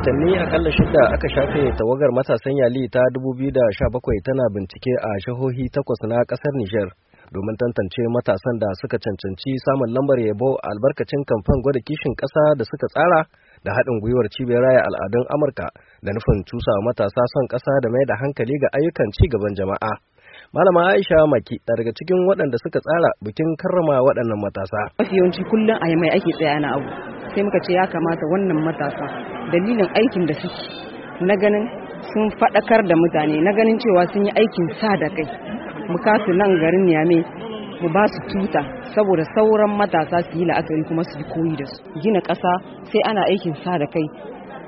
watanni akalla shida aka shafe tawagar matasan yali ta 2017 tana bincike a shahohi takwas na kasar Nijar domin tantance matasan da suka cancanci samun lambar yabo albarkacin kamfan gwada kishin ƙasa da suka tsara da haɗin gwiwar cibiyar raya al'adun Amurka da nufin cusa matasa son kasa da mai da hankali ga ayyukan ci gaban jama'a. Malama Aisha Maki daga cikin waɗanda suka tsara bikin karrama waɗannan matasa. Mafi yawanci kullum a mai ake tsaya na abu. sai muka ce ya kamata wannan matasa dalilin aikin da suke na ganin sun faɗakar da mutane na ganin cewa sun yi aikin sa da kai mu kasu nan garin yame mu ba su tuta saboda sauran matasa su yi la'akari kuma su koyi da su gina ƙasa sai ana aikin sa da kai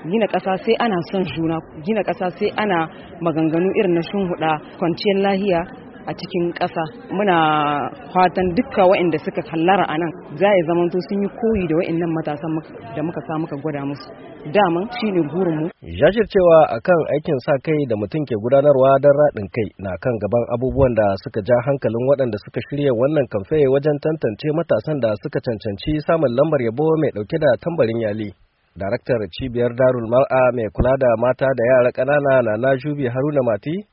gina ƙasa sai ana son juna gina ƙasa sai ana maganganu irin na huɗa kwanciyar lahiya a cikin ƙasa muna fatan dukka waɗanda suka kallara a nan za a zama to sun yi koyi da waɗannan matasan da muka sa muka gwada musu daman ne gurinmu jajircewa kan aikin sa kai da mutum ke gudanarwa don raɗin kai na kan gaban abubuwan da suka ja hankalin waɗanda suka shirya wannan kamfe wajen tantance matasan da suka cancanci samun lambar yabo mai ɗauke da tambarin yali daraktar cibiyar darul mar'a mai kula da mata da yara ƙanana na najubi haruna mati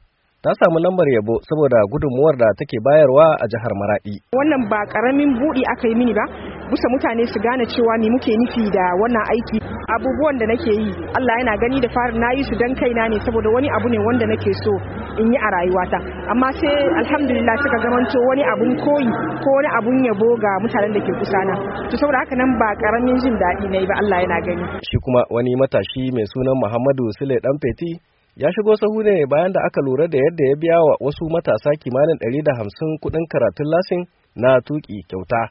ta samu lambar yabo saboda gudunmuwar da take bayarwa a jihar Maradi. Wannan ba karamin buɗi aka yi mini ba, bisa mutane su gane cewa ni muke nufi da wannan aiki. Abubuwan da nake yi, Allah yana gani da fara na yi su dan kaina ne saboda wani abu ne wanda nake so in yi a rayuwata. Amma sai alhamdulillah suka zamanto wani abun koyi ko wani abun yabo ga mutanen da ke kusa na. To saboda haka nan ba karamin jin daɗi na yi ba Allah yana gani. Shi kuma wani matashi mai sunan Muhammadu Sule Feti? ya shigo sahu ne bayan da aka lura da yadda ya biya wa wasu matasa kimanin ɗari da hamsin kuɗin karatun lasin na tuki kyauta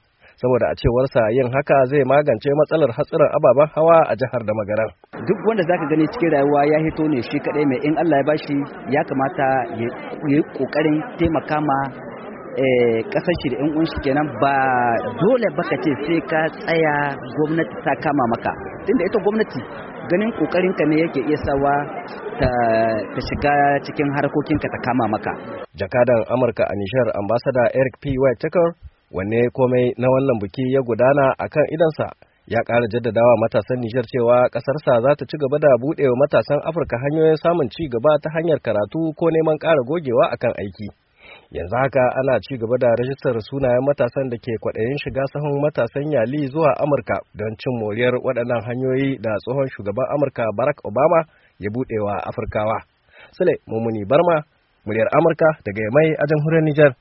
saboda a cewarsa yin haka zai magance matsalar hatsarin ababen hawa a jihar da magaran. Duk wanda zaka gani cikin rayuwa ya hito ne shi kaɗai mai in Allah ya bashi ya kamata ya yi ƙoƙarin taimaka ma kasar eh, shi da yan uwan kenan ba dole baka ce sai ka tsaya gwamnati ta kama maka tunda ita gwamnati ganin ka ne yake iya sawa ta, shiga cikin harkokinka ta kama maka jakadan amurka a nishar ambasada eric p white tucker wanne komai na wannan buki ya gudana a kan idansa ya ƙara jaddadawa matasan Nijar cewa ƙasarsa za ta ci gaba da buɗewa matasan Afirka hanyoyin samun ci gaba ta hanyar karatu ko neman ƙara gogewa akan aiki. yanzu haka ana ci gaba da rajistar sunayen matasan da ke kwaɗayin shiga sahun matasan yali zuwa amurka don cin moriyar waɗannan hanyoyi da tsohon shugaban amurka barack obama ya buɗewa afirkawa sule mummuni barma muryar amurka daga mai a jamhuriyar nijar.